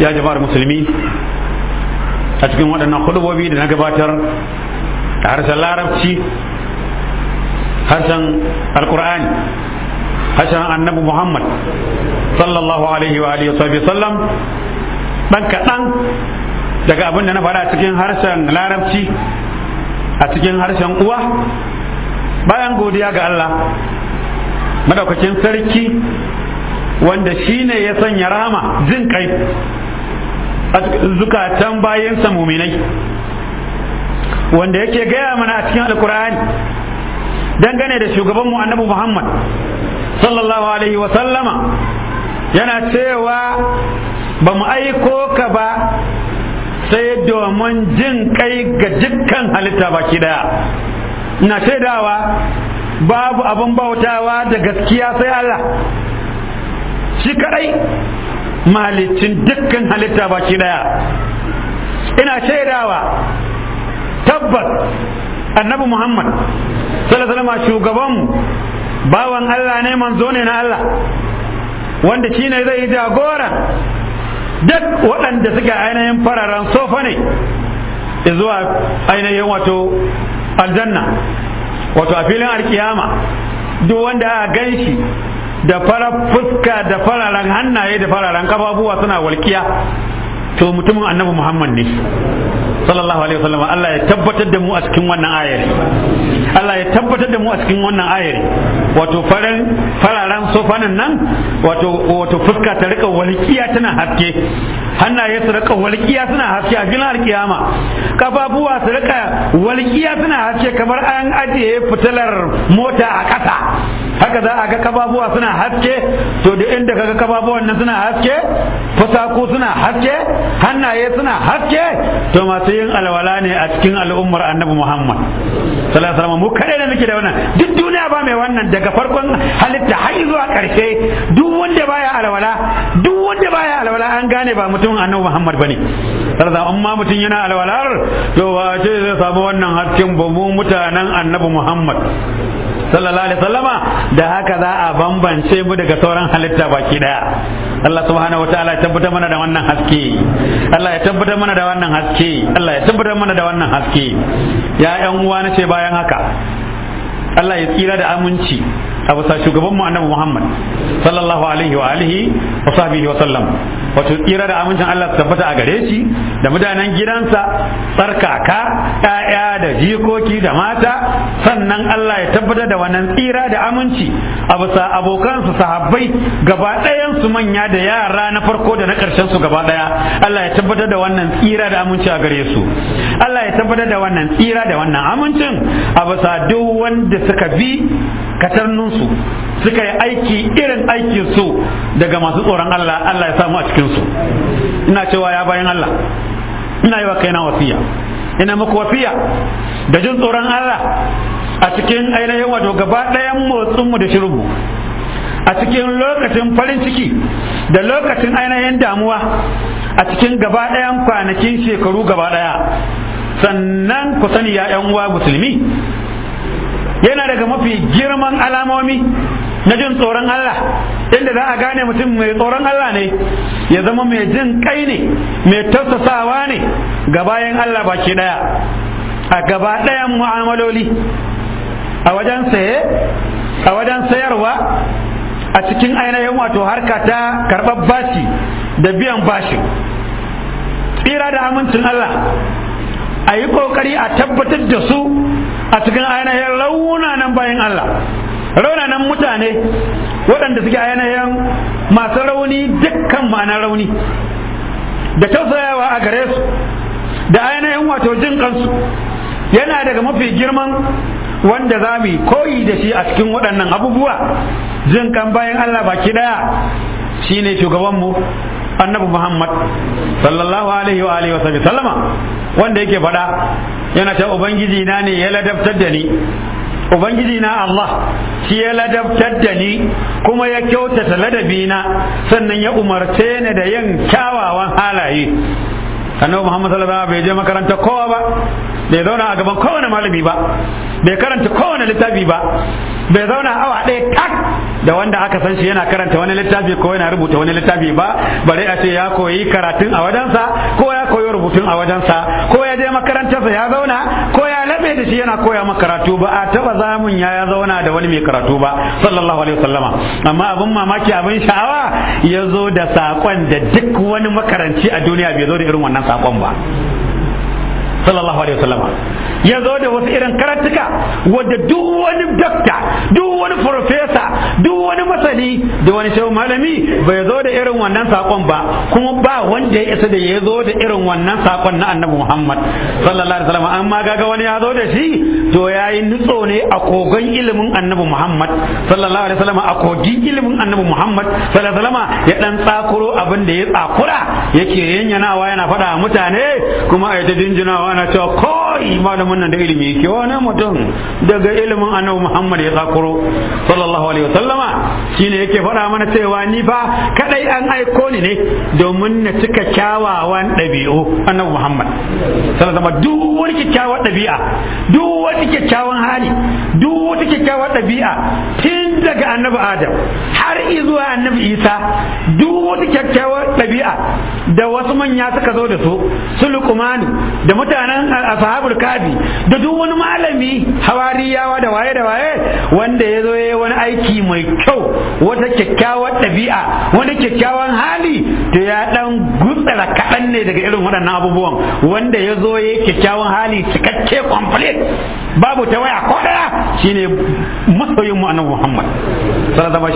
ya jama'ar musulmi a cikin waɗannan hudubobi da na gabatar da harshen larabci harshen alkur'ani harshen annabi muhammad sallallahu alaihi wa alihi wa sallam dan kaɗan daga abinda na faɗa cikin harshen larabci a cikin harshen uwa bayan godiya ga Allah madaukakin sarki wanda shine ya sanya rahama jin kai zukatan bayansa muminai wanda yake gaya mana a cikin alkur'ani dangane da shugaban mu annabi muhammad sallallahu alaihi wa sallama yana cewa ba mu aiko ka ba sai domin jin kai ga dukkan halitta baki daya na shaidawa babu abin bautawa da gaskiya sai Allah shi kadai malicin dukkan halitta baki daya ina shaidawa tabbas annabi muhammad sallallahu alaihi shugaban bawan allah ne manzo ne na allah wanda shine zai yi jagora duk waɗanda suke ainihin fararen sofa ne zuwa ainihin wato aljanna wato a filin alkiyama duk wanda a gan da fara fuska da fararen hannaye da fararen kafafuwa suna walkiya to mutumin annabi Muhammad ne sallallahu alaihi wasallam Allah ya tabbatar da mu a cikin wannan ayar Allah ya tabbatar da mu a cikin wannan ayar wato faran fararen sofanan nan wato wato fuska ta rika walkiya tana haske hannaye su rika walkiya suna haske a filin alkiyama kafafuwa su rika walkiya suna haske kamar an ajiye fitilar mota a kasa haka za a ga kababuwa suna haske to da inda kaga kababuwan nan suna haske fasaku suna haske hannaye suna haske to masu yin alwala ne a cikin al'ummar annabi Muhammad sallallahu alaihi mu kare ne muke da wannan duk duniya ba mai wannan daga farkon halitta har zuwa karshe duk wanda baya alwala duk an gane ba mutum annabi Muhammad bane sarza amma mutum yana alwalar to wa ce zai samu wannan hakkin ba mu mutanen annabi Muhammad sallallahu alaihi wasallama da haka za a bambance mu daga sauran halitta baki daya Allah subhanahu wataala ya tabbatar mana da wannan haske Allah ya tabbatar mana da wannan haske Allah ya tabbatar mana da wannan haske ya ƴan uwa nace bayan haka Allah ya tsira da aminci a bisa shugabanmu annabi Muhammad sallallahu alaihi wa alihi wa sahbihi wa sallam wato tsira da amincin Allah su tabbata a gare shi da mutanen gidansa tsarkaka ƴaƴa da jikoki da mata sannan Allah ya tabbatar da wannan tsira da aminci a bisa abokansu sahabbai gaba ɗayan su manya da yara na farko da na ƙarshen su gaba ɗaya Allah ya tabbatar da wannan tsira da aminci a gare su Allah ya tabbatar da wannan tsira da wannan amincin a bisa duk wanda suka bi katarninsu suka yi aiki irin aikinsu daga masu tsoron Allah Allah ya samu a cikinsu ina cewa ya bayan Allah ina yi wa kaina wasiya ina muku wasiya da jin tsoron Allah a cikin ainihin wato gaba ɗayan motsinmu da shirinmu a cikin lokacin farin ciki da lokacin ainihin damuwa a cikin gaba ɗayan kwanakin shekaru gaba ɗaya sannan ku sani ya uwa musulmi yana daga mafi girman alamomi na jin tsoron Allah inda za a gane mutum mai tsoron Allah ne ya zama mai jin kai ne mai tausasawa ne ga bayan Allah baki daya a gaba ɗayan mu'amaloli a wajen saye a wajen sayarwa a cikin ainihin wato harka ta karɓar bashi da biyan bashi tsira da amincin Allah a yi kokari a tabbatar da su a cikin ayanayen raunanan bayan Allah raunanan mutane waɗanda suke ayanayen masu rauni dukkan ma'anar rauni da tausayawa a gare su da ayanayen wato jin kansu yana daga mafi girman wanda za mu koyi da shi a cikin waɗannan abubuwa jin kan bayan Allah baki ɗaya shine shugabanmu annabi Muhammad sallallahu alaihi wa alihi wa sallama wanda yake faɗa yana ta ubangiji na ne ya ladabtar da ni ubangiji na Allah shi ya ladabtar da ni kuma ya kyautata ladabi na sannan ya umarce ni da yin kyawawan halaye annabi Muhammad sallallahu alaihi wa bai je makaranta kowa ba bai zauna a gaban kowane malami ba bai karanta kowane littafi ba bai zauna awa ɗaya tak da wanda aka san shi yana karanta wani littafi ko yana rubuta wani littafi ba bare a ce ya koyi karatun a wajensa ko ya koyi rubutun a wajensa ko ya je makarantarsa ya zauna ko ya labe da shi yana koya maka karatu ba a taba zamun ya zauna da wani mai karatu ba sallallahu alaihi wasallama amma abin mamaki abin sha'awa ya zo da saƙon da duk wani makaranci a duniya bai zo da irin wannan saƙon ba sallallahu alaihi wasallam ya zo da wasu irin karatuka wanda duk wani dokta duk wani farfesa duk wani masani da wani shehu malami bai zo da irin wannan sakon ba kuma ba wanda ya isa da ya zo da irin wannan sakon na annabi Muhammad sallallahu alaihi wasallam amma gaga wani ya zo da shi to yayi nutso ne a kogon ilimin annabi Muhammad sallallahu alaihi wasallam a kogin ilimin annabi Muhammad sallallahu alaihi wasallam ya dan tsakuro abin da ya tsakura yake yanyanawa yana faɗa mutane kuma a ta dinjinawa ana cewa kai malamin nan da ilimi yake wani mutum daga ilimin annabi Muhammad ya tsakuro sallallahu alaihi wasallam shine yake faɗa mana cewa ni fa kadai an aiko ni ne domin na cika kyawawan ɗabi'u annabi Muhammad sallallahu alaihi wasallam duk wani kyakkyawar ɗabi'a duk wani kyakkyawan hali duk wata kyakkyawar ɗabi'a tun tun daga annabi adam har izuwa annabi isa duk wata kyakkyawar ɗabi'a da wasu manya suka zo da su su lukumani da mutanen ashabul kabi da duk wani malami hawariyawa da waye da waye wanda ya zo ya wani aiki mai kyau wata kyakkyawar ɗabi'a wani kyakkyawan hali to ya dan gutsara kaɗan ne daga irin waɗannan abubuwan wanda ya zo ya kyakkyawan hali cikakke complete babu ta waya ko shine masoyin mu annabi Muhammad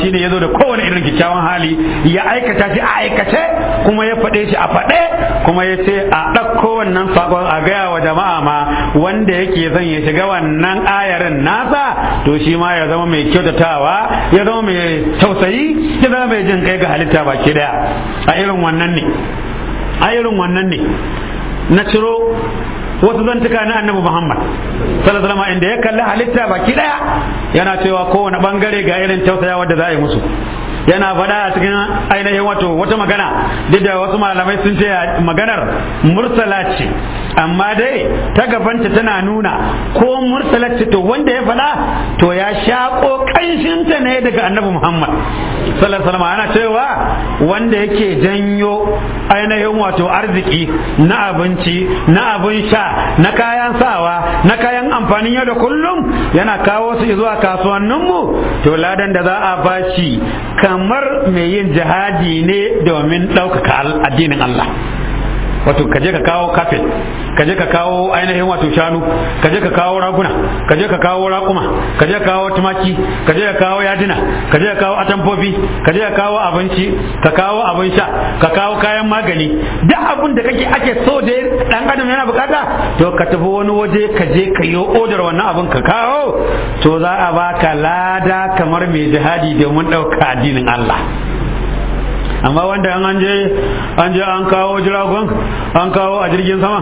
shi ne ya zo da kowane irin kyakkyawan hali ya aikata shi a aikace kuma ya faɗe shi a faɗe kuma ya ce a ɗauko wannan sakon a gaya wa jama'a ma wanda yake zan ya shiga wannan ayarin nasa to shi ma ya zama mai kyautatawa ya zama mai tausayi ya zama mai jin kai ga halitta baki daya a a irin wannan ne na ciro wasu tuka na annabi Muhammad sallallahu alaihi inda ya kalli halitta baki daya yana cewa kowane bangare ga irin tausayawa da za a yi musu yana faɗa a cikin ainihin wato wata magana duk da wasu malamai sun ce maganar mursala ce amma dai ta gabanta tana nuna ko mursala ce to wanda ya faɗa to ya shaƙo ƙanshinta ne daga annabi muhammad sallallahu alaihi ana cewa wanda yake janyo ainihin wato arziki na abinci na abin sha na kayan sawa na kayan amfanin yau da kullum yana kawo su zuwa kasuwanninmu to ladan da za a bashi kan kamar mai yin jihadi ne domin ɗaukaka addinin Allah wato ka je ka kawo kafet ka ka kawo ainihin wato shanu ka ka kawo raguna ka je ka kawo raƙuma ka ka kawo tumaki ka ka kawo yadina ka je ka kawo atamfofi ka je ka kawo abinci ka kawo abin sha ka kawo kayan magani duk abin da kake ake so da dan adam yana bukata to ka tafi wani waje kaje je ka yi odar wannan abin ka kawo to za a baka lada kamar mai jihadi domin ɗauka addinin Allah amma wanda an je an je an kawo jiragen an kawo a jirgin sama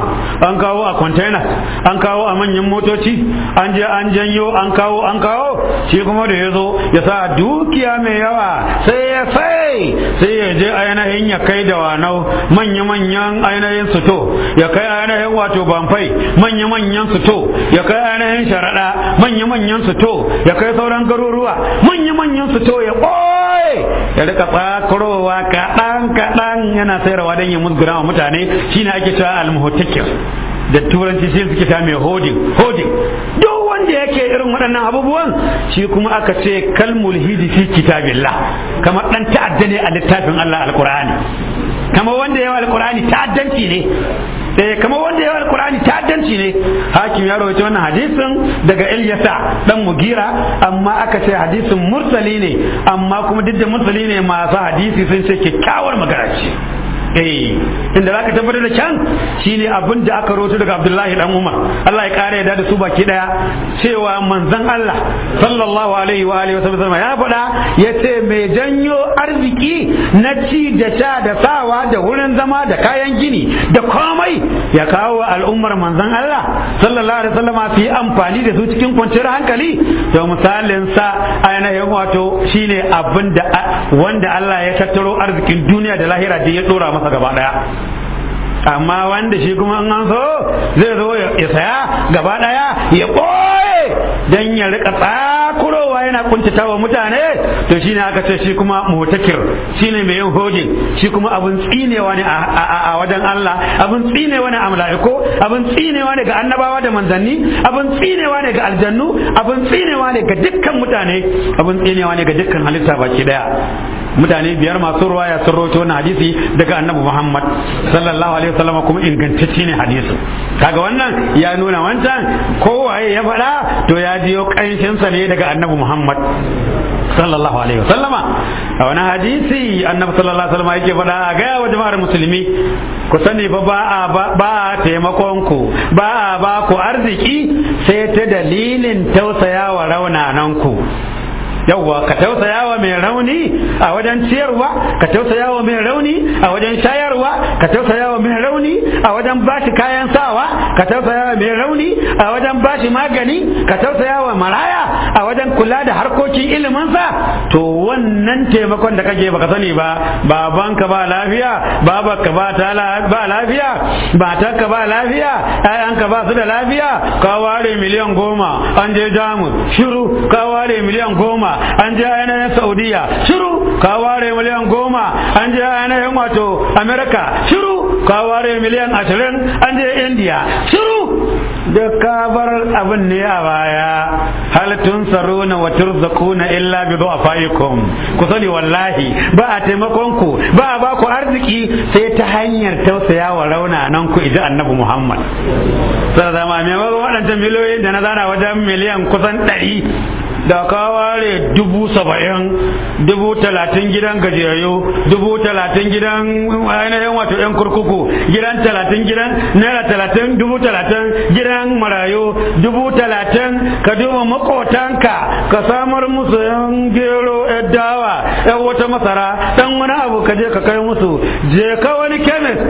an kawo a container an kawo a manyan motoci an je an janyo an kawo an kawo shi kuma da ya zo ya sa dukiya mai yawa sai sai sai ya je ainihin ya kai da wanau manya-manyan ainihin su ya kai ainihin wato bamfai manya-manyan su ya kai ainihin sharaɗa manya-manyan su ya kai sauran garuruwa manya-manyan su ya ɓoye ya rika tsakurowa kaɗan-kaɗan yana sayarwa don ya musgura wa mutane shine ake cewa almuhutakir da turanci sai suke ta mai hodin hodin duk wanda yake irin waɗannan abubuwan shi kuma aka ce kalmul hidi fi kitabillah kamar dan ta'adda ne a littafin Allah alqur'ani kamar wanda yawa alqur'ani ta'addanci ne eh kamar wanda yawa alqur'ani ta'addanci ne hakim ya rawaito wannan hadisin daga Ilyasa dan Mugira amma aka ce hadisin mursali ne amma kuma duk da mursali ne masu hadisi sun ce kyakkyawar magana ce eh inda zaka tabbatar da can shine abin da aka roto daga Abdullahi dan Umar Allah ya kare da su baki daya cewa manzon Allah sallallahu alaihi wa alihi wasallam ya faɗa yace mai janyo arziki na ci da sha da sawa da wurin zama da kayan gini da komai ya kawo al'ummar manzon Allah sallallahu alaihi wasallam fi amfani da su cikin kwanciyar hankali to misalin sa ainihin wato shine abin da wanda Allah ya tattaro arzikin duniya da lahira da ya dora masa masa gaba daya amma wanda shi kuma an so zai zo ya saya gaba daya ya ɓoye don ya rika tsakurowa yana kuntata wa mutane to shine aka ce shi kuma mutakir shine mai yin hojin shi kuma abun tsinewa ne a wajen Allah abun tsinewa ne a mala'iko abun tsinewa ne ga annabawa da manzanni abun tsinewa ne ga aljannu abun tsinewa ne ga dukkan mutane abun tsinewa ne ga dukkan halitta baki daya mutane biyar masu ruwa ya sun rawaito wannan hadisi daga annabi Muhammad sallallahu alaihi wasallam kuma ingantacce ne hadisi kaga wannan ya nuna wancan kowaye ya faɗa to ya jiyo kanshin sa ne daga annabi Muhammad sallallahu alaihi wasallama a wani hadisi annabi sallallahu alaihi wasallama yake faɗa a ga wa jama'ar musulmi ku sani ba ba a taimakon ku ba a ba ku arziki sai ta dalilin tausaya wa raunanan ku yawwa ka tausayawa mai rauni a wajen ciyarwa ka tausayawa mai rauni a wajen shayarwa ka tausayawa mai rauni a wajen bashi kayan sawa ka tausayawa mai rauni a wajen bashi magani ka tausayawa maraya a wajen kula da harkokin ilimin sa to wannan taimakon da kake baka sani ba ka ba lafiya babanka ba ta ba lafiya ka ba lafiya ka ba su da lafiya ka ware miliyan goma an je jamus shiru ka ware miliyan goma an je yanayin saudiya shiru ka ware miliyan goma an je ainihin wato amerika shiru ka ware miliyan ashirin an je indiya shiru da kabar abin ne a baya tsaro na watar zakuna illa bi du'afaikum ku sani wallahi ba a taimakon ku ba a ba ku arziki sai ta hanyar tausaya wa nan ku idan annabi Muhammad sai zama me waɗancan miliyoyin da na zana wajen miliyan kusan ɗari da ka ware dubu saba'in dubu talatin gidan gajiyayyo dubu talatin gidan ainihin wato yan kurkuku gidan talatin gidan naira talatin dubu talatin gidan marayu dubu talatin ka duba makotanka ka samar musu yan gero yan dawa yan wata masara dan wani abu ka je ka kai musu je ka wani kemis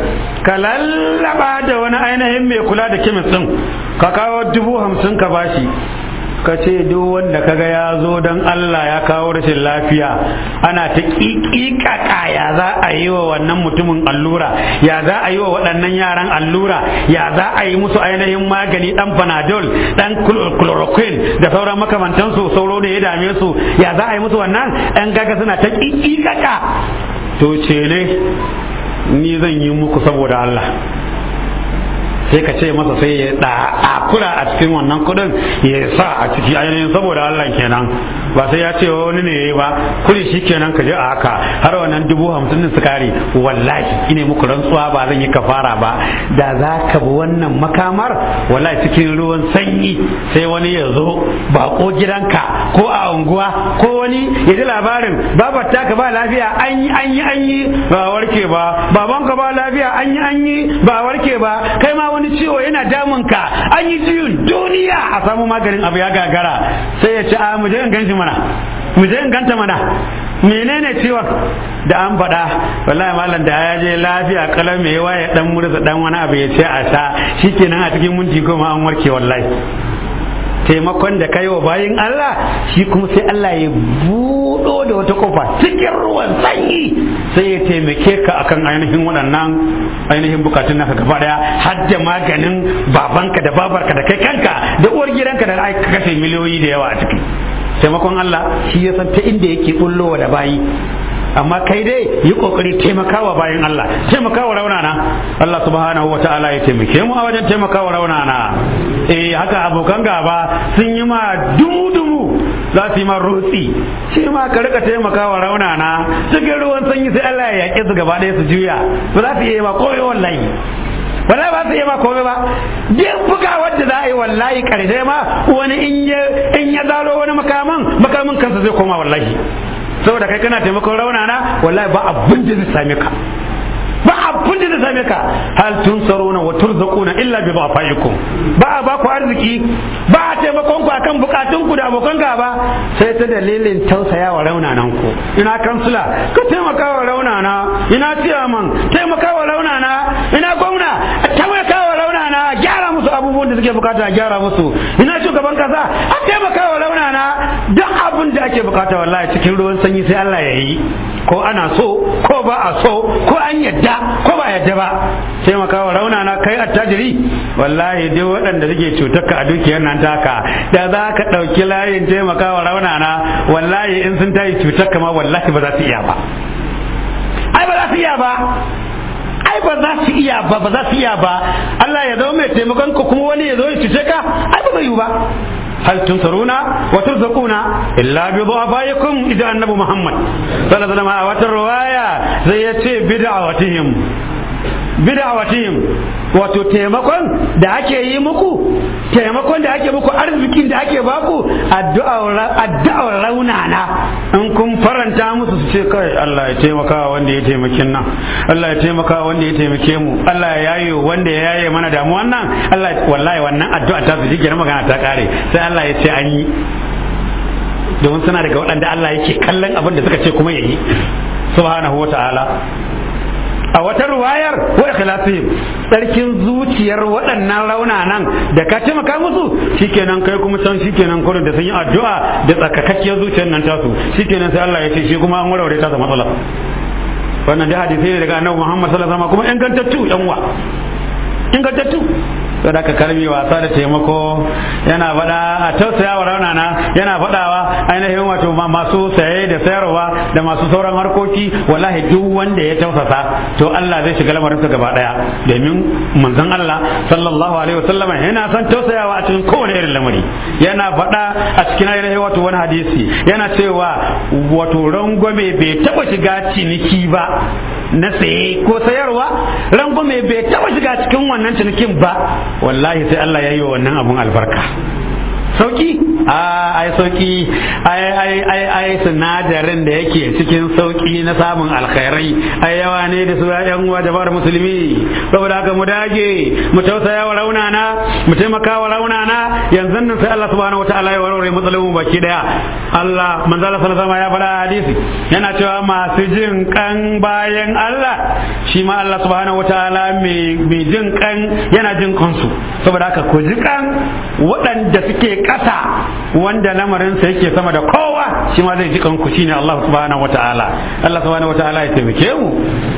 ka lallaba da wani ainihin mai kula da kemis din ka kawo dubu hamsin ka bashi ka ce duk wanda kaga ya zo don Allah ya kawo rashin lafiya ana ta kikikaka ya za a yi wa wannan mutumin allura ya za a yi wa waɗannan yaran allura ya za a yi musu ainihin magani ɗan panadol ɗan chloroquine da sauran makamantansu sauro ne ya dame su ya za a yi musu wannan ɗan gaga suna ta kikikaka to ce ne ni zan yi muku saboda Allah sai ka ce masa sai ya da a kula a cikin wannan kuɗin ya sa a ciki ainihin saboda Allah kenan ba sai ya ce wani ne ba ba shi kenan ka je a haka har wannan dubu hamsin din su kare wallahi ine muku rantsuwa ba zan yi kafara ba da za ka bi wannan makamar wallahi cikin ruwan sanyi sai wani ya zo ba ko gidanka ko a unguwa ko wani ya ji labarin babar ka ba lafiya an yi an yi an yi ba warke ba baban ka ba lafiya an yi an yi ba warke ba kai ma wani ciwo yana damunka an yi ciwon duniya a samu maganin abu ya gagara sai ya ci a mu je in ganshi ma. mana mu je mana menene ciwon da an faɗa wallahi malam da ya je lafiya kalar mai waye ya dan murza dan wani abu ya ce a sha shikenan a cikin minti goma an warke wallahi taimakon da kai wa bayin Allah shi kuma sai Allah ya budo da wata kofa cikin ruwan sanyi sai ya taimake ka akan ainihin waɗannan ainihin bukatun naka gaba daya har da maganin babanka da babarka da kai kanka da uwar gidanka da aka kashe miliyoyi da yawa a ciki taimakon Allah shi ya san ta inda yake bullowa da bayi amma kai dai yi kokari taimakawa bayan Allah taimakawa raunana Allah subhanahu wa ta'ala ya taimake mu a wajen taimakawa raunana eh haka abokan gaba sun yi ma dudumu za su yi ma rutsi. shi ma ka rika taimakawa raunana cikin ruwan sanyi sai Allah ya yaƙi su gaba ɗaya su juya ba za su yi ma koyo wallahi wallahi ba su yi ma komai ba duk buga wanda za a yi wallahi karshe ma wani in ya in ya zalo wani makaman Makaman kansa zai koma wallahi saboda kai kana taimakon raunana wallahi ba abin da zai same ka ba abin da zai same ka hal tun tunsaruna wa turzaquna illa bi dhafaikum ba ba ku arziki ba a taimakon ku akan bukatun ku da abokan gaba sai ta dalilin tausaya wa nan ku ina kansula ka taimaka wa raunana ina tiyaman taimaka wa ake bukata a gyara musu ina shugaban kasa a taimaka wa launana duk abin da ake bukata wallahi cikin ruwan sanyi sai Allah ya yi ko ana so ko ba a so ko an yadda ko ba yadda ba taimaka wa raunana kai attajiri wallahi dai waɗanda suke cutarka a dukiyar nan taka da za ka ɗauki layin taimaka wa raunana wallahi in sun tayi cutarka ma wallahi ba za su iya ba ai ba za su iya ba ai ba za su iya ba ba za su iya ba Allah ya zama mai taimakon ku kuma wani ya zo ya cuce ka ai ba zai yi ba هل تنصرون idan annabi muhammad إذا النبي محمد صلى الله عليه وسلم وترواية زي بدعوتهم bid'awatihim wato taimakon da ake yi muku taimakon da ake muku arzikin da ake baku addu'ar raunana in kun faranta musu su ce kai Allah ya taimaka wanda ya taimake nan Allah ya taimaka wanda ya taimake mu Allah ya yayo wanda ya yaye mana damu wannan Allah wallahi wannan addu'a ta su jike magana ta kare sai Allah ya ce an yi domin suna daga waɗanda Allah yake kallon abin da suka ce kuma yayi subhanahu wata'ala a wata ruwayar wa ikhlasihim tsarkin zuciyar waɗannan nan da ka maka musu shikenan kai kuma san shikenan kurin da sun yi addu'a da tsakakakkiyar zuciyar nan tasu shikenan sai Allah ya ce shi kuma an warware ta matsala wannan da hadisi ne daga annabi Muhammad sallallahu alaihi wasallam kuma ingantattu yan wa ingantattu to da ka karbi wasa da taimako yana fada a tausaya wa raunana yana fadawa ainihin wato masu saye da sayarwa da masu sauran harkoki wallahi duk wanda ya tausasa to Allah zai shiga lamarin sa gaba daya domin manzon Allah sallallahu alaihi wasallam yana san tausayawa a cikin kowane irin lamari yana faɗa a cikin ainihin wato wani hadisi yana cewa wato rangwame bai taɓa shiga ciniki ba na tsaye ko sayarwa rangume bai taba shiga cikin wannan cinikin ba wallahi sai Allah ya yi wa wannan abun albarka sauki a ai sauki ai ai ai ai sinadarin da yake cikin sauki na samun alkhairai ai yawa ne da su yan uwa jama'ar musulmi saboda haka mu dage mu tausaya wa raunana mu taimaka wa raunana yanzu nan sai Allah subhanahu wataala ya warware matsalolin baki daya Allah manzo Allah sallallahu alaihi ya faɗa hadisi yana cewa masu jin kan bayan Allah shi ma Allah subhanahu wataala mai jin kan yana jin kansu saboda haka ku ji kan waɗanda suke ƙasa wanda lamarinsa yake sama da kowa shi ma zai ji kanku ne Allah subhanahu wataala Allah subhanahu wataala ya taimake mu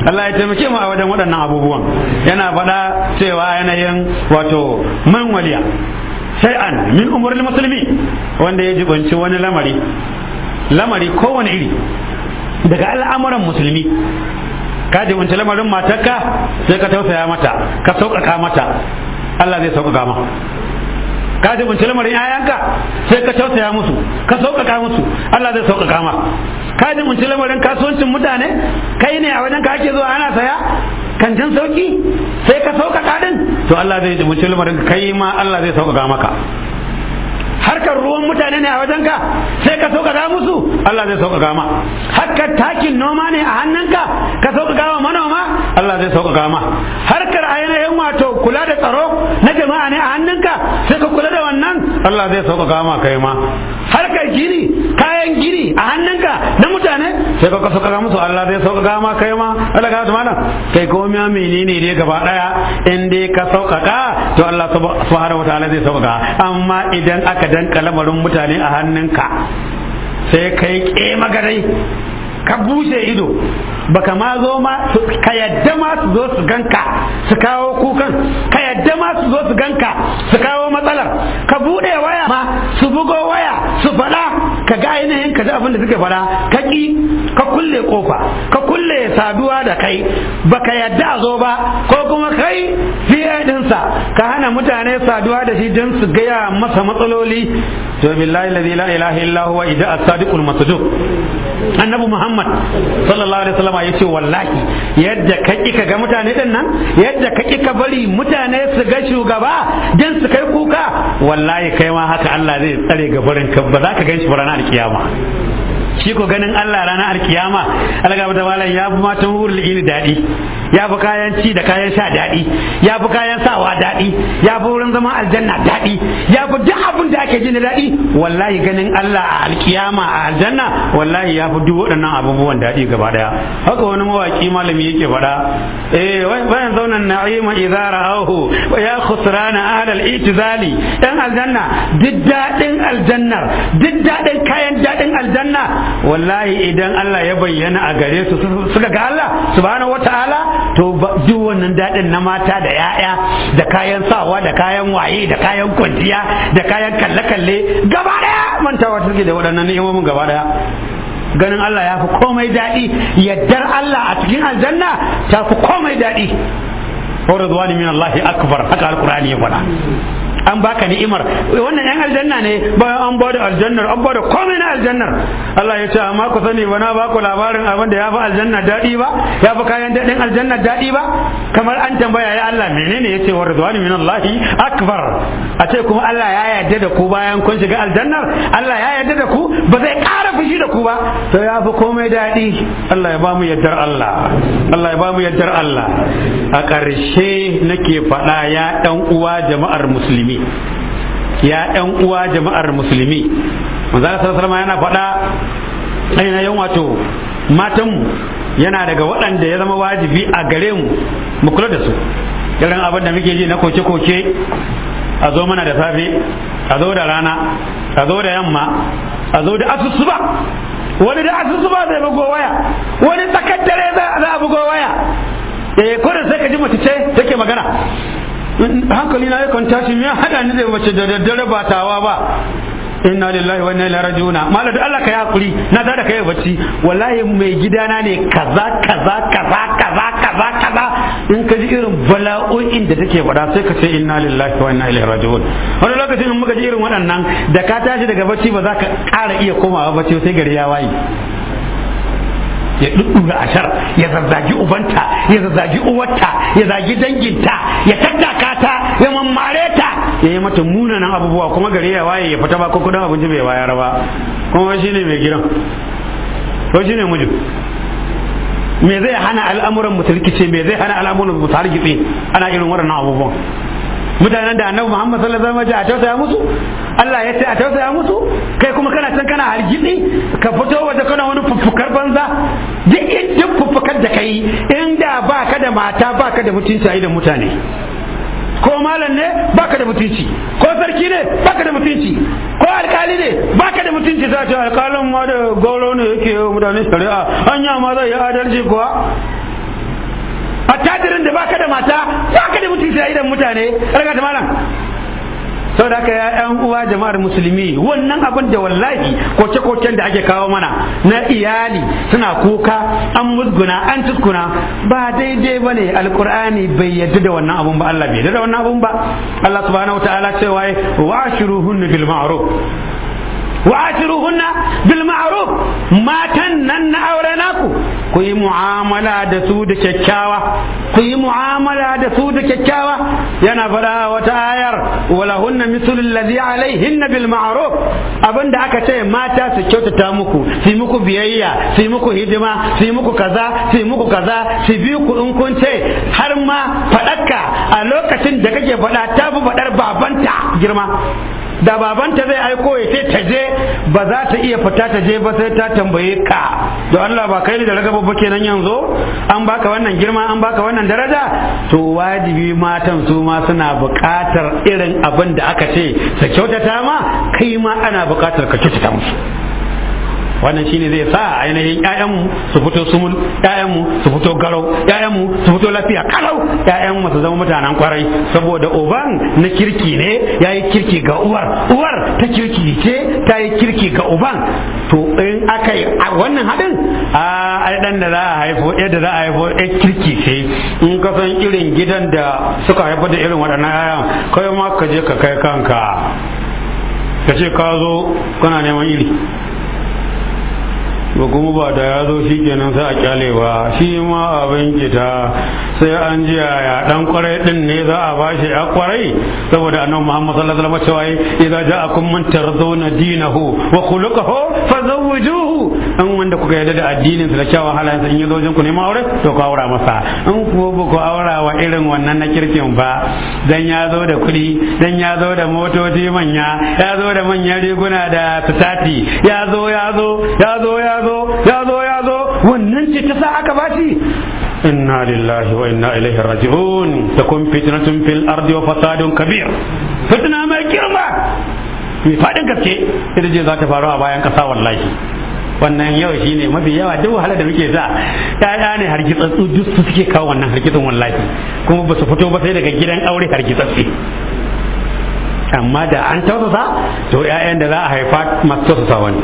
Allah ya taimake mu a wajen waɗannan abubuwan yana faɗa cewa yanayin wato man waliya shay'an min umurul musulmi wanda ya jibanci wani lamari lamari kowane iri daga al'amuran musulmi ka jibanci lamarin matarka sai ka tausaya mata ka sauƙaƙa mata Allah zai sauƙaƙa ma ka ji bunci lamarin yayanka sai ka tausaya musu ka sauƙaƙa musu Allah zai sauƙaƙa ma ka ji lamarin kasuwancin mutane kai ne a wajen ka ake zuwa ana saya kan jin sauƙi sai ka sauƙaƙa din to Allah zai ji lamarin kai ma Allah zai sauƙaƙa maka ne a wajenka sai ka sauƙaƙa musu Allah zai sauƙaƙa ma haka takin noma ne a hannunka ka sauƙaƙa wa manoma Allah zai sauƙaƙa ma harkar a yanayin wato kula da tsaro na jama'a ne a hannunka sai ka kula da wannan Allah zai sauƙaƙa ma kai ma harkar gini kayan gini a hannunka na mutane sai ka sauƙaƙa musu Allah zai sauƙaƙa ma kai ma Allah ka mana kai komai menene dai gaba ɗaya in dai ka sauƙaƙa to Allah subhanahu wataala zai sauƙaƙa amma idan aka danka lamarin mutane a hannunka sai kai ƙe magadai ka bushe ido baka ma zo ma ka yadda ma su zo su ganka su kawo kukan ka yadda ma su zo su ganka su kawo matsalar ka bude waya ma su bugo waya su faɗa ka ga yanayin ka ji abin da suke fara ka ki ka kulle kofa ka kulle saduwa da kai baka yadda a zo ba ko kuma kai fiye sa ka hana mutane saduwa da shi don su gaya masa matsaloli to billahi la ilaha illa huwa idza as-sadiqul masduq annabi muhammad sallallahu alaihi wasallam yace wallahi yadda ka ki ka ga mutane din nan yadda ka ki ka bari mutane su ga shugaba dan su kai kuka wallahi kai ma haka Allah zai tsare gabarin ka ba za ka shi barana alkiyama shi ko ganin Allah ranar alkiyama algaba da malam ya fi matan wurin ini daɗi ya fi kayan ci da kayan sha daɗi ya fi kayan sawa daɗi ya fi wurin zama aljanna daɗi ya fi duk abin da ake jin daɗi wallahi ganin Allah a alkiyama a aljanna wallahi ya fi duk waɗannan abubuwan daɗi gaba ɗaya haka wani mawaƙi malami yake faɗa eh bayan zaunan na'ima idza ra'ahu wa ya khusrana al itizali dan aljanna duk daɗin aljannar duk daɗin kayan daɗin aljanna wallahi idan Allah ya bayyana a gare su suka ga Allah subhanahu wataala to duk wannan dadin na mata da yaya da kayan sawa da kayan waye da kayan kwanciya da kayan kalle-kalle gaba daya mantawa take da waɗannan ni'imomin gaba daya ganin Allah ya fi komai daɗi yaddar Allah a cikin aljanna ta fi komai daɗi wa rizwani min Allah akbar haka alqur'ani ya faɗa an baka ni'imar wannan yan aljanna ne bayan an bada aljannar an bada komai na aljannar Allah ya ce amma ku sani ba ba ku labarin abin da ya fi aljanna daɗi ba ya fi kayan daɗin aljanna daɗi ba kamar an tambaya ya Allah menene yace wa ridwanu min Allah akbar a ce kuma Allah ya yarda da ku bayan kun shiga aljannar Allah ya yarda da ku ba zai ƙara fushi da ku ba to ya fi komai daɗi Allah ya ba mu yardar Allah Allah ya ba mu yardar Allah a ƙarshe nake faɗa ya ɗan uwa jama'ar musulmi musulmi ya ɗan uwa jama'ar musulmi manzala sallallahu alaihi yana faɗa ainihin yan wato matanmu yana daga waɗanda ya zama wajibi a gare mu mu kula da su irin abin da muke ji na koke-koke a zo mana da safe a zo da rana a zo da yamma a zo da asusuba wani da asusuba zai bugo waya wani tsakar dare za a bugo waya eh ko da sai ka ji mace ce take magana hankali na yakan tashi me hada ni da wace da daddare ba tawa ba inna lillahi wa inna ilaihi raji'un malam da Allah ka yi hakuri na da kai bacci wallahi mai gidana ne kaza kaza kaza kaza kaza kaza in ka ji irin bala'o'in da take faɗa sai ka ce inna lillahi wa inna ilaihi raji'un wani lokacin in muka ji irin waɗannan da ka tashi daga bacci ba za ka ƙara iya komawa bacci sai gari ya waye ya duddura ashar ya zazzagi ubanta ya zazzagi uwarta ya zagi danginta ya tattaka ta ya mammare ta ya yi mata munanan abubuwa kuma gare ya waye ya fita ba ko kudin abinci bai wayar ba kuma shi ne mai gidan ko shi ne mijin me zai hana al'amuran mu me zai hana al'amuran mu ana irin waɗannan abubuwan mutanen da annabi Muhammad sallallahu alaihi wasallam ya tausaya musu Allah ya ce a tausaya musu kai kuma kana san kana hargitsi ka fito waje kana wani fufukar banza duk duk fufukar da kai inda baka da mata baka da mutunci a idan mutane ko malam ne baka da mutunci ko sarki ne baka da mutunci ko alkali ne baka da mutunci za ta alkalin ma da gauro ne yake mutane shari'a hanya ma zai yi adalci kuwa attajirin da baka da mata baka da mutunci a idan mutane raga da malam saboda haka ya yan uwa jama'ar musulmi wannan abin da wallahi koke-koken da ake kawo mana na iyali suna kuka an musguna an tuskuna ba daidai ba ne alkur'ani bai yadda da wannan abun ba Allah bai yadda da wannan abun ba Allah subhanahu wa ta'ala cewa wa shuruhunna bil ma'ruf wa bil ma'ruf matan nan na auren ku yi mu'amala da su da kyakkyawa ku yi mu'amala da su da kyakkyawa yana fara wata ayar walahunna mislul ladhi alaihinna bil ma'ruf abinda aka ce mata su kyautata muku su muku biyayya su muku hidima su muku kaza su muku kaza su bi ku in kun ce har ma faɗaka a lokacin da kake fada ta fi baɗar babanta girma da babanta zai aiko ya ce ta je ba za ta iya fita ta je ba sai ta tambaye ka da Allah ba kai da ragaba ba kenan yanzu an baka wannan girma an baka wannan daraja to wajibi matan su ma suna buƙatar irin abin da aka ce ta kyautata ma kai ma ana buƙatar ka kyautata musu wannan shine zai sa ainihin ƴaƴanmu su fito sumul ƴaƴanmu su fito garau ƴaƴanmu su fito lafiya kalau ƴaƴanmu su zama mutanen kwarai saboda uban na kirki ne yayi kirki ga uwar uwar ta kirki ce ta yi kirki ga uban to in aka yi wannan haɗin a ɗan da za a haifo yadda za a haifo kirki ce in ka san irin gidan da suka haifa da irin waɗannan yayan kai ma ka je ka kai kanka ka ce ka zo kana neman iri ba kuma ba da ya zo shi kenan sai a kyale ba shi ma abin kita sai an ji ya dan kwarai din ne za a bashi ya kwarai saboda annabi Muhammad sallallahu alaihi wasallam cewa idza ja'akum man tarzawna dinahu wa khuluquhu fazawwijuhu an wanda kuka yarda da addinin sa da kyawun halayen sa in yazo jinku ma aure to ku aura masa in kuwa ba ku aura wa irin wannan na kirkin ba dan ya zo da kuɗi dan ya zo da motoci manya ya zo da manyan riguna da sitati ya zo ya zo ya zo ya zo zo ya zo ya zo wannan ce ta sa aka bashi inna lillahi wa inna ilaihi raji'un takum fitnatun fil ardi wa fasadun kabir fitna mai girma mai fadin gaske ita je za ta faru a bayan kasa wallahi wannan yau shine mafi yawa duk wahala da muke sa ya ne hargitsatsu duk su suke kawo wannan hargitsin wallahi kuma ba su fito ba sai daga gidan aure hargitsatsi amma da an tausasa to 'ya'yan da za a haifa masu tausasa wani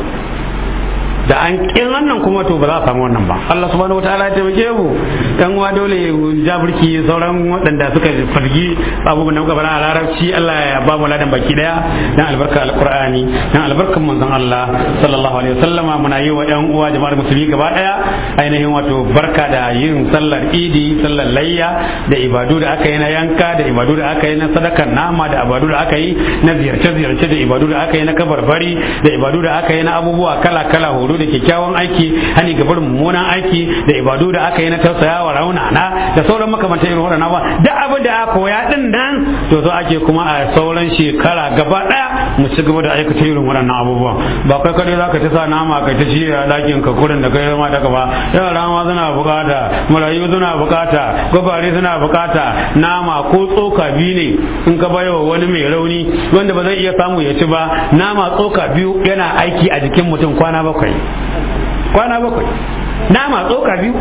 da an kin wannan kuma to ba za a samu wannan ba Allah subhanahu wataala ya taimake mu dan uwa dole jabirki sauran waɗanda suka fargi abubuwan nan muka fara larabci Allah ya ba mu ladan baki daya dan albarka alqur'ani dan albarkan manzon Allah sallallahu alaihi wasallama muna yi wa ɗan uwa jama'ar musulmi gaba daya ainihin wato barka da yin sallar idi sallar layya da ibadu da aka yi na yanka da ibadu da aka yi na sadakar nama da ibadu da aka yi na ziyarce ziyarce da ibadu da aka yi na kabarbari da ibadu da aka yi na abubuwa kala kala horo da kyakkyawan aiki hani ga barin mummunan aiki da ibadu da aka yi na tausayawa rauna na da sauran makamantan irin waɗannan ba da abin da aka koya din nan to zo ake kuma a sauran shekara gaba ɗaya mu ci gaba da aikata irin waɗannan abubuwa ba kai kadai zaka ta sa nama ka ta ci a ɗakin ka kurin da kai zama daga ba yara rama suna bukata marayu suna bukata gwabare suna bukata nama ko tsoka biyu ne in ka bayo wani mai rauni wanda ba zai iya samu ya ci ba nama tsoka biyu yana aiki a jikin mutum kwana bakwai kwana bakwai nama tsoka biyu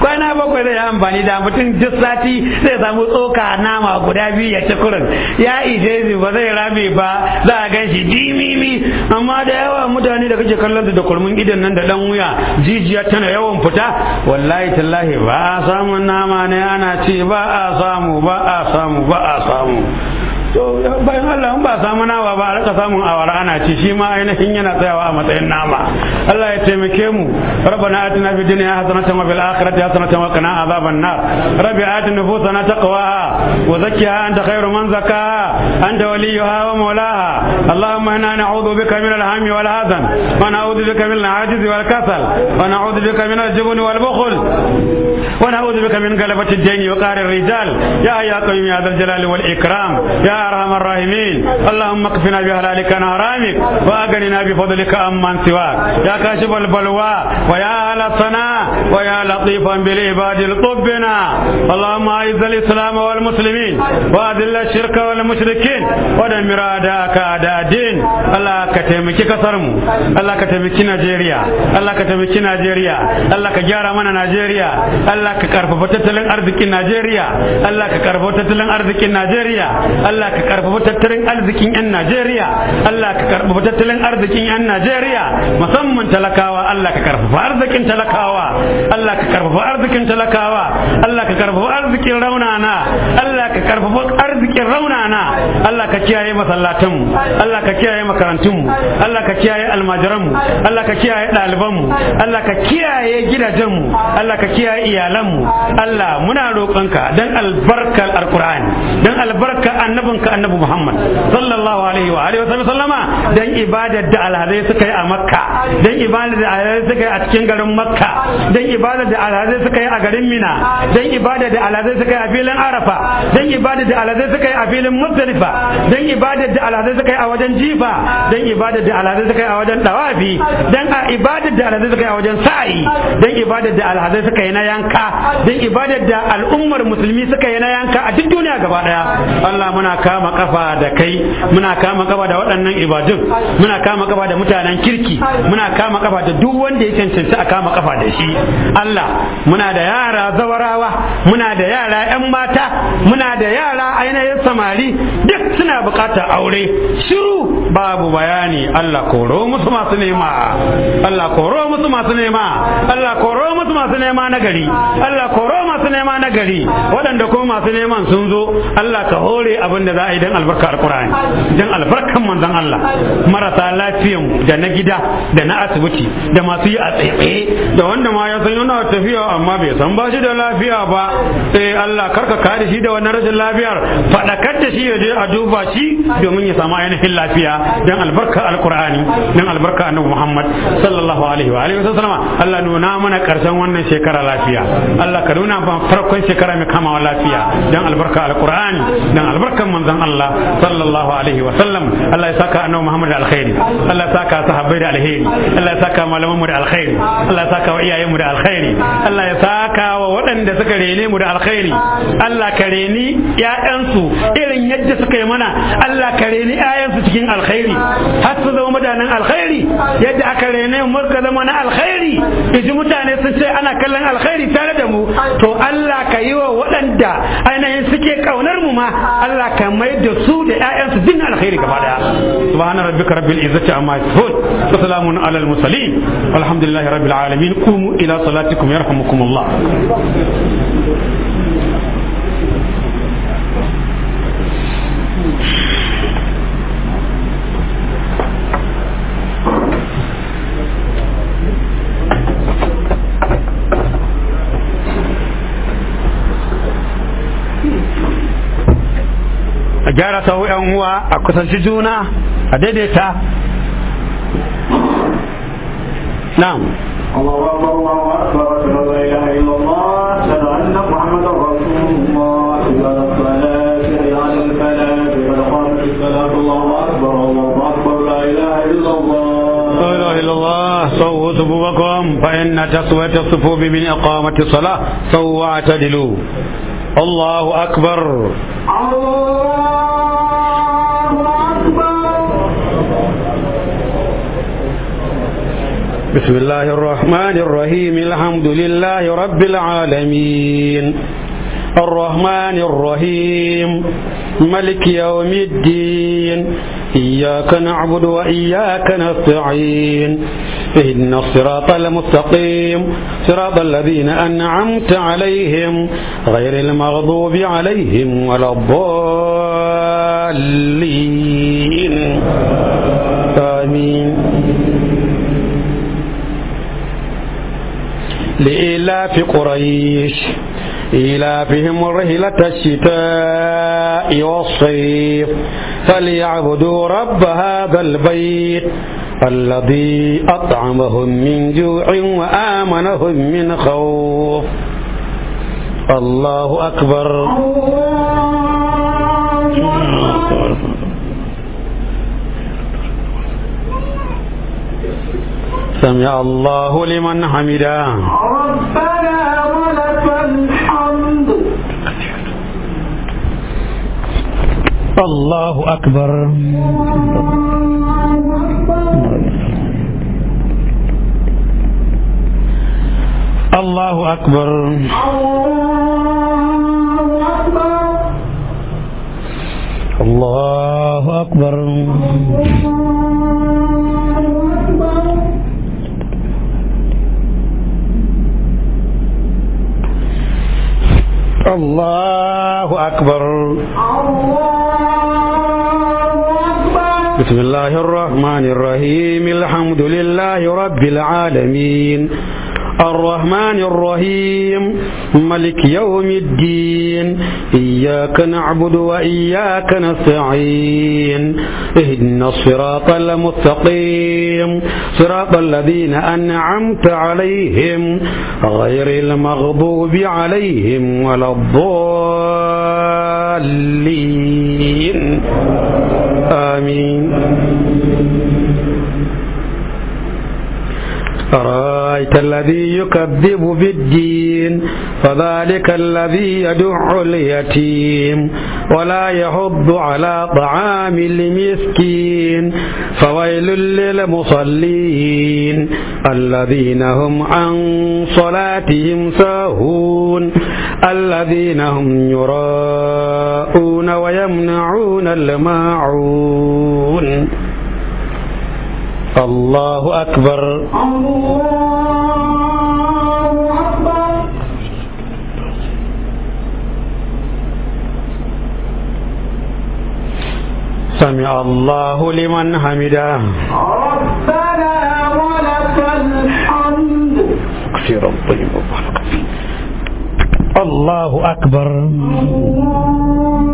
kwana bakwai zai yi amfani da mutum duk sati zai samu tsoka nama guda biyu ya ci kurin ya ije ba zai rame ba za a gan shi dimimi amma da yawa mutane da kake kallon da kurmin idan nan da dan wuya jijiya tana yawan fita wallahi tallahi ba a samun nama ne ana ce ba a samu ba a samu ba a samu to bayan Allah in ba samu nama ba rika samun awara ana ci shi ma ainihin yana tsayawa a matsayin nama Allah ya taimake mu rabbana atina fid dunya hasanatan wa fil akhirati hasanatan wa qina azaban nar rabbi atina nufusana taqwaha wa zakkiha anta khairu man zakkaha anta waliyuha wa mawlaha اللهم انا نعوذ بك من الهم والحزن ونعوذ بك من العجز والكسل ونعوذ بك من الجبن والبخل ونعوذ بك من غلبة الدين وقار الرجال يا يا قيوم يا ذا الجلال والإكرام يا أرحم الراحمين اللهم اكفنا بهلالك عن وأغننا بفضلك عمن سواك يا كاشف البلوى ويا لطنا ويا لطيفا بالعباد لطبنا اللهم أعز الإسلام والمسلمين وأذل الشرك والمشركين ودمر أعداءك أعداء الدين الله كتمكي كسرمو الله كتمكي نيجيريا الله كتمكي نيجيريا الله كجار من نيجيريا الله Allah ka karfafa tattalin arzikin Najeriya Allah ka karfafa tattalin arzikin Najeriya Allah ka karfafa tattalin arzikin yan Najeriya Allah ka karfafa tattalin arzikin yan Najeriya musamman talakawa Allah ka karfafa arzikin talakawa Allah ka karfafa arzikin talakawa Allah ka karfafa arzikin raunana Allah ka karfafa haƙƙin raunana Allah ka kiyaye masallatanmu Allah ka kiyaye makarantunmu Allah ka kiyaye almajiranmu Allah ka kiyaye ɗalibanmu Allah ka kiyaye gidajenmu Allah ka kiyaye iyalanmu Allah muna roƙonka dan albarkar alqur'ani dan annabinka annabi Muhammad sallallahu alaihi wa alihi wa sallama dan ibadar da alhazai suka yi a Makka dan ibadar da alhazai suka yi a cikin garin Makka dan ibadar da alhazai suka yi a garin Mina dan ibadar da alhazai suka yi a filin Arafa dan ibadar da alhazai suka suka yi a filin muzdalifa dan ibadar da alhazai suka yi a wajen jifa dan ibadar da alhazai suka yi a wajen dawafi dan a ibadar da alhazai suka yi a wajen sa'i dan ibadar da alhazai suka yi na yanka dan ibadar da al'ummar musulmi suka yi na yanka a duk duniya gaba daya Allah muna kama kafa da kai muna kama kafa da waɗannan ibadun muna kama kafa da mutanen kirki muna kama kafa da duk wanda ya cancanci a kama kafa da shi Allah muna da yara zawarawa muna da yara 'yan mata muna da yara ainihin samari duk suna bukata aure shiru babu bayani Allah koro musu masu nema Allah koro musu masu nema Allah koro musu masu nema na gari Allah koro masu nema na gari waɗanda kuma masu neman sun zo Allah ka hore abin da za a yi don albarka alkur'ani don albarkan manzon Allah marasa lafiyan da na gida da na asibiti da masu yi a tsaye da wanda ma ya san yana tafiya amma bai san ba shi da lafiya ba sai eh, Allah karka kare shi da wannan rashin lafiyar faɗakar da shi ya je a duba shi domin ya samu ainihin lafiya dan albarka alqur'ani dan albarka annabi muhammad sallallahu alaihi wa alihi Allah nuna mana karshen wannan shekara lafiya Allah ka nuna farkon shekara mai kamawa lafiya dan albarka alqur'ani dan albarkan manzon Allah sallallahu alaihi wa sallam Allah ya saka annabi muhammad da alkhairi Allah ya saka sahabbai da alkhairi Allah ya saka malaman mu da alkhairi Allah ya saka wa iyayen mu da alkhairi Allah ya saka wa waɗanda suka rene mu da alkhairi Allah ka reni ƴaƴansu irin yadda suka yi mana Allah ka reni ayansu cikin alkhairi har su zama mutanen alkhairi yadda aka rene mu ka zama na alkhairi iji mutane sun ce ana kallon alkhairi tare da mu to Allah ka yi wa waɗanda ainihin suke kaunar mu ma Allah ka mai da su da ayansu din alkhairi gaba daya subhana rabbika rabbil izzati amma yasifun wa salamun alal mursalin walhamdulillahi rabbil alamin qumu ila salatikum yarhamukumullah gyara sahu yan uwa a kusanci juna a daidaita na'am الله أكبر الله أكبر أشهد أن محمدا رسول الله إلى الصلاة على الصلاة الله أكبر الله أكبر لا إله إلا الله لا إله إلا الله فإن تصوية الصفوف من إقامة الصلاة صووا واعتدلوا الله أكبر الله بسم الله الرحمن الرحيم الحمد لله رب العالمين الرحمن الرحيم ملك يوم الدين إياك نعبد وإياك نستعين إن الصراط المستقيم صراط الذين أنعمت عليهم غير المغضوب عليهم ولا الضالين آمين لإلاف قريش إلافهم رحلة الشتاء والصيف فليعبدوا رب هذا البيت الذي أطعمهم من جوع وآمنهم من خوف الله أكبر الله أكبر سمع الله لمن حمدا ربنا ولك الحمد الله أكبر الله أكبر الله أكبر الله أكبر الله أكبر بسم الله الرحمن الرحيم الحمد لله رب العالمين الرحمن الرحيم ملك يوم الدين إياك نعبد وإياك نستعين اهدنا الصراط المستقيم صراط الذين أنعمت عليهم غير المغضوب عليهم ولا الضالين آمين أرأيت الذي يكذب بالدين فذلك الذي يدع اليتيم ولا يحض على طعام المسكين فويل للمصلين الذين هم عن صلاتهم ساهون الذين هم يراءون ويمنعون الماعون الله أكبر سمع الله لمن حمده ربنا ولك الحمد كثير الطيب الله أكبر الله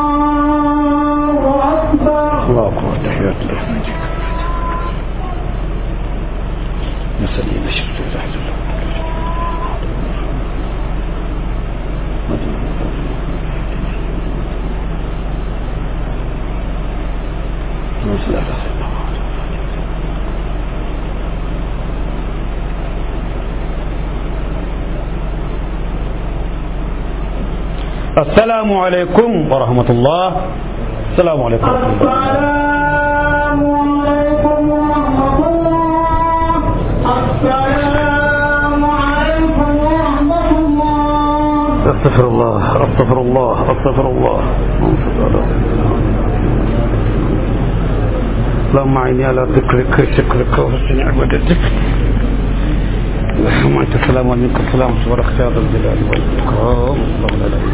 لا إلا السلام عليكم ورحمة الله السلام عليكم ورحمة الله استغفر الله استغفر الله استغفر الله اللهم عيني على ذكرك وشكرك وحسن عبادتك اللهم انت سلام ومنك السلام تبارك يا ذا الجلال والاكرام اللهم لا اله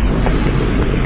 الا انت